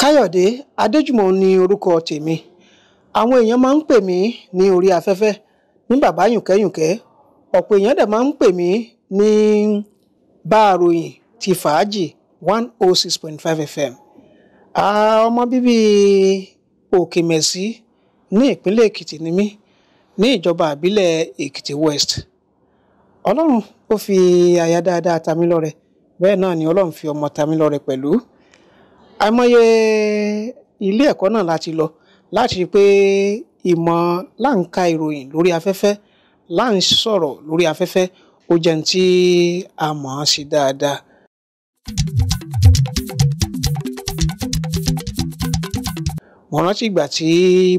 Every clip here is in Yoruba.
káyọ̀dé adéjùmọ̀ ni orúkọ tèmi àwọn èèyàn máa ń pè mí ní orí afẹ́fẹ́ ní bàbá yùnkẹ́yùnkẹ́ ọ̀pọ̀ èèyàn dẹ̀ máa ń pè mí ní báàròyìn ti fàájì one oh six point five fm ọmọ bíbí òkèmẹ̀sí ní ìpínlẹ̀ èkìtì ni mí ní ìjọba àbílẹ̀ èkìtì west ọlọ́run ó fi aya dáadáa ta mí lọ́rẹ bẹ́ẹ̀ náà ni ọlọ́run fi ọmọ ta mí lọ́rẹ pẹ̀lú àìmọye ilé ẹ̀kọ́ náà láti lọ láti rí pé ìmọ̀ là ń ka ìròyìn lórí afẹ́fẹ́ là ń sọ̀rọ̀ lórí afẹ́fẹ́ ó jẹ́ ní tí a mọ̀ ọ́n sí dáadáa. mo rántí ìgbà tí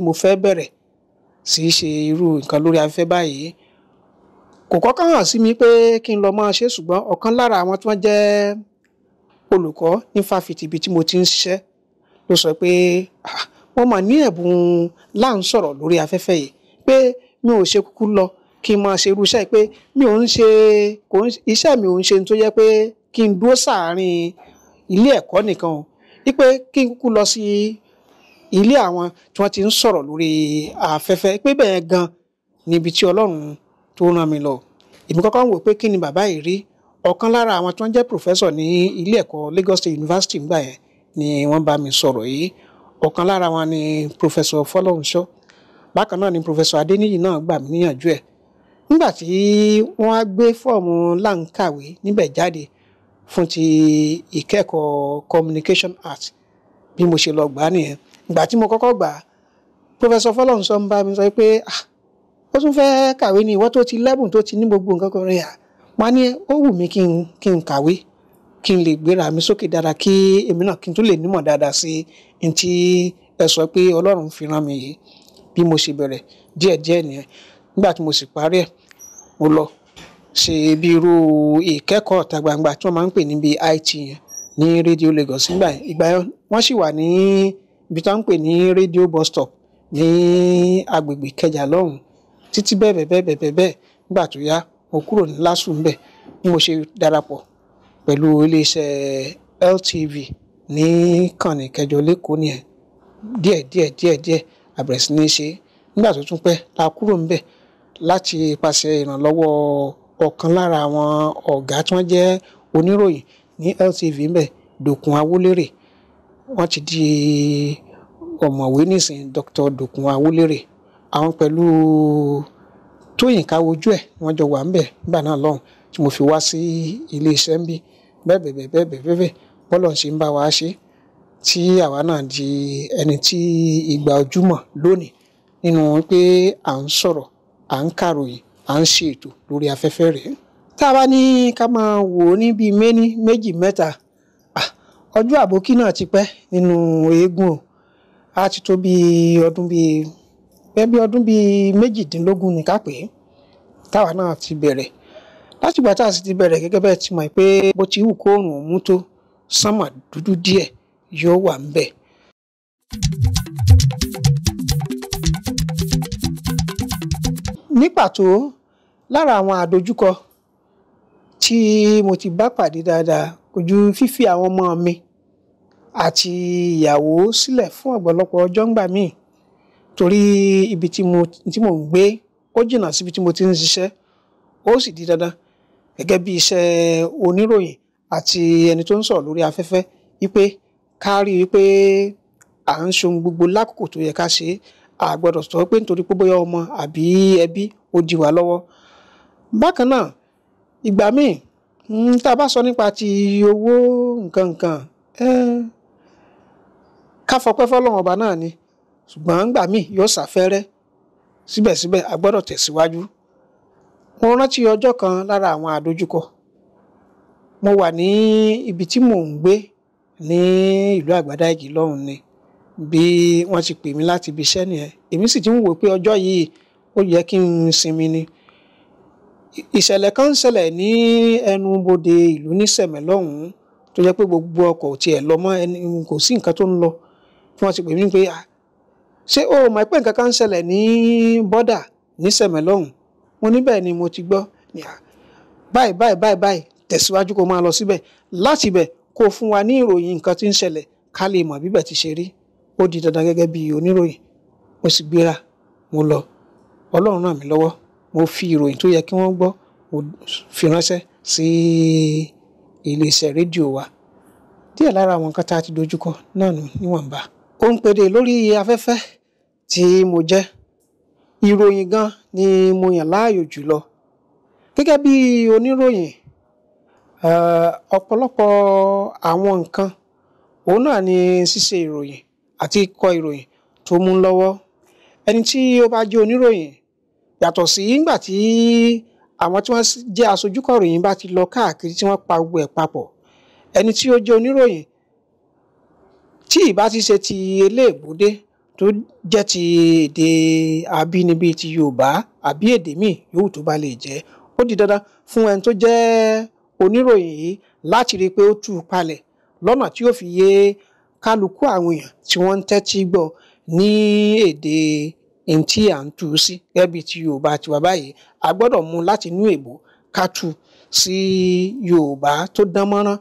mo fẹ́ bẹ̀rẹ̀ sí í ṣe irú nǹkan lórí afẹ́fẹ́ báyìí kò kọ́kọ́ hàn sí mi pé kí n lọ máa ṣe ṣùgbọ́n ọ̀kan lára àwọn tí wọ́n jẹ́ olùkọ́ ní fáfitì ibi tí mo ti ń ṣiṣẹ́ ló sọ pé mo ah, mà ní ẹ̀bùn là ń sọ̀rọ̀ lórí afẹ́fẹ́ yìí pé mi ò ṣe kúkú lọ kí n máa ṣe irú iṣẹ́ pé mi ò ń ṣe kò ń iṣẹ́ mi ò ń ṣe tó yẹ pé kí n dúró sáàárín ilé ẹ̀kọ́ nìkan o wípé kí n kúkú lọ sí ilé àwọn tí wọ́n ti ń sọ̀rọ̀ lórí afẹ́fẹ́ pé bẹ́ẹ̀ gan níbi tí Ọlọ́run tó rán mi lọ èmi ń wò pé kí ni bàbá yìí rí ọ̀kan lára àwọn tó ń jẹ́ professor ní ilé ẹ̀kọ́ Lagos State University ńgbà yẹn ni wọ́n bá mi sọ̀rọ̀ yìí ọ̀kan lára wọn ni professor Fọlọ́runṣọ́ bákan náà ni professor Adéníyì náà gbà mí níyànjú ẹ̀ nígbà tí wọ́n á gbé fọ́ọ̀mù láǹkàwé níbẹ̀ jáde fún ti ìkẹ́kọ̀ọ́ communication art bí mo ṣe lọ gbà á nìyẹn ìgbà tí mo kọ́kọ́ gbà á professor Fọlọ́runṣọ́ ń bá mi sọ pé ah, ó tún fẹ́ kàwé ní ìwọ tó ti lẹ́bùn tó ti ní gbogbo nǹkan kan rẹ̀ yà màá ní ó wù mí kí n kí n kàwé kí n lè gbéra mi sókè dáadáa kí èmi náà kí n tún lè nímọ̀ dáadáa sí i n tí ẹ sọ pé Ọlọ́run fi rán mi yìí bí mo ṣe bẹ̀rẹ̀ díẹ̀díẹ̀ nìyẹn nígbà tí mo sì parí ẹ̀ mo lọ ṣe bí irú ìkẹ́kọ̀ọ́ ọ̀tá gbangba tí wọ́n máa ń pè níbi IT yẹn ní rédíò Lagos nígbà yẹn ìgbà yẹn wọ́n sì wà ní ibi tí wọ́n ń pè ní rédíò bus stop ní agbègbè Ìkẹjà lọ́hùn-ún títí bẹ́ẹ̀ bẹ́ẹ̀ bẹ́ẹ̀ bẹ́ẹ̀ nígbà tó yá mo kúrò ní LASU ńbẹ̀ bí mo ṣe darapọ̀ pẹ̀lú iléeṣẹ́ LTV ní kànnì kẹjọ lẹ́kọ̀ọ́ nìyẹn díẹ̀ díẹ̀ díẹ̀ díẹ̀ àbẹ̀rẹ̀ sí ní ṣe nígbà tó tún pẹ́ la kúrò ńbẹ̀ láti ipasẹ̀ ìrànlọ́wọ́ ọ̀kan lára àwọn ọ̀gá tí wọ́n jẹ́ oníròyìn ní LTV ńbẹ̀ Dòkun Awólérè wọ́n ti di ọ̀mọ̀wé nísìnyí Dr. Dòkun Awólérè àwọn pẹ̀lú. Tóyìnká wojú ẹ̀ wọ́n jọ wà ń bẹ̀ nígbà náà lọ́hùn tí mo fi wá sí ilé iṣẹ́ ń bí bẹ́ẹ̀ bẹ́ẹ̀ bẹ́ẹ̀ bẹ́ẹ̀ bẹ́ẹ̀ bọ́lọ̀ ṣe ń bá wa ṣe tí àwa náà di ẹni tí ìgbà ojúmọ́ lónìí nínú pé à ń sọ̀rọ̀ à ń kàròyìn à ń ṣe ètò lórí afẹ́fẹ́ rẹ̀. tá a bá ní ká máa wò ó ní bíi méní méjì mẹ́ta ọjọ́ àbókí náà ti pẹ́ nínú eégún o a ti tó bíi ọdún bíi bẹ́ẹ̀ bí ọdún bíi méjìdínlógún ni ká pè é táwa náà ti bẹ̀rẹ̀ látìgbà tá a sì ti bẹ̀rẹ̀ gẹ́gẹ́ bẹ́ẹ̀ ti mọ̀ pé bó ti hù kóòrùn mú tó sánmà dúdú díẹ̀ yóò wà ń bẹ̀. ní pàtó lára àwọn àdojúkọ tí mo ti bá pàdé dáadáa kò ju fífi àwọn ọmọ mi àti ìyàwó sílẹ̀ fún ọ̀pọ̀lọpọ̀ ọjọ́ ńgbà míì torí ibi tí mo ń gbé ó jìnnà síbi tí mo ti ń ṣiṣẹ́ ó sì di dandan gẹ́gẹ́ bí iṣẹ́ oníròyìn àti ẹni tó ń sọ̀rọ̀ lórí afẹ́fẹ́ wípé ká rí wípé à ń ṣohun gbogbo lákòókò tó yẹ ká ṣe é a gbọ́dọ̀ sọ pé nítorí pé bóyá ọmọ àbí ẹbí ó di wà lọ́wọ́ bákan náà ìgbà míì tá a bá sọ nípa ti owó nǹkan nǹkan ká fọpẹ́ fọlọ́run ọba náà ni ṣùgbọ́n ńgbà míì yóò ṣàfẹ́rẹ́ síbẹ̀síbẹ̀ a gbọ́dọ̀ tẹ̀síwájú mo rántí ọjọ́ kan lára àwọn àdójúkọ mo wà ní ibi tí mò ń gbé ní ìlú àgbàdáìgì lọ́hùn ni bí wọ́n ti pè mí láti ibi iṣẹ́ nìyẹn èmi sì ti ń wò pé ọjọ́ yìí ó yẹ kí n sinmi ni ìṣẹ̀lẹ̀ kan ń ṣẹlẹ̀ ní ẹnu bodè ìlú ní sẹ̀mẹ̀ lọ́hùn-ún tó jẹ́ pé gbogbo ọkọ̀ tiẹ̀ lọ mọ́ ẹni kò sí nǹkan tó ń lọ tí wọ́n ti pè mí pé ṣé o mọ̀ pé nǹkan kan ń ṣẹlẹ̀ ní bọ́dà ní sẹ̀mẹ̀lọ́hùn mo níbẹ̀ ni mo ti gbọ́ báyìí báyìí báyìí báyìí tẹ̀síwájú kó máa lọ síbẹ̀ láti bẹ̀ kó fún wa ní ìròyìn nǹkan tí ń ṣẹlẹ̀ ká lè mọ̀ bíbẹ̀ ti ṣe rí ó di dandan gẹ́gẹ́ bí oníròyìn mo sì gbéra mo lọ ọlọ́run ràn mí lọ́wọ́ mo fi ìròyìn tó yẹ kí wọ́n gbọ́ mo fi ránṣẹ́ sí iléeṣẹ́ rédíò wa díẹ̀ lára àwọn nǹkan tá a ti dojúkọ náà níwọ̀nba òǹpẹ̀rẹ̀ lórí afẹ́fẹ́ tí mo jẹ́ ìròyìn gan ni mo yàn láàyò jùlọ gẹ́gẹ́ bí oníròyìn eh, ọ̀pọ̀lọpọ̀ àwọn nǹkan òun náà ni ṣíṣe ìròyìn àti kíkọ ìròyìn tó mú lọ́wọ́ ẹni tí ó bá jẹ́ oníròyìn yàtọ̀ sí ìgbà tí àwọn tí wọ́n jẹ́ aṣojú kọ̀ròyìn bá ti lọ káàkiri tí wọ́n pa gbogbo ẹ̀ papọ̀ ẹni tí ó jẹ́ oníròyìn tí ìbá ti ṣe ti eléèbúdé tó jẹ́ ti èdè abínibí ti yorùbá àbí èdè míì yòówù tó bá lè jẹ́ ó di dandan fún ẹni tó jẹ́ oníròyìn yìí láti rí i pé ó tú u palẹ̀ lọ́nà tí ó fi yé kálukú àwọn èèyàn tí wọ́n ń tẹ́tí gbọ́ ní èdè ntí à ń tú u sí gẹ́gẹ́ ti yorùbá tiwa báyìí a gbọ́dọ̀ mú láti inú èbó ká tú sí yorùbá tó dán mọ́rán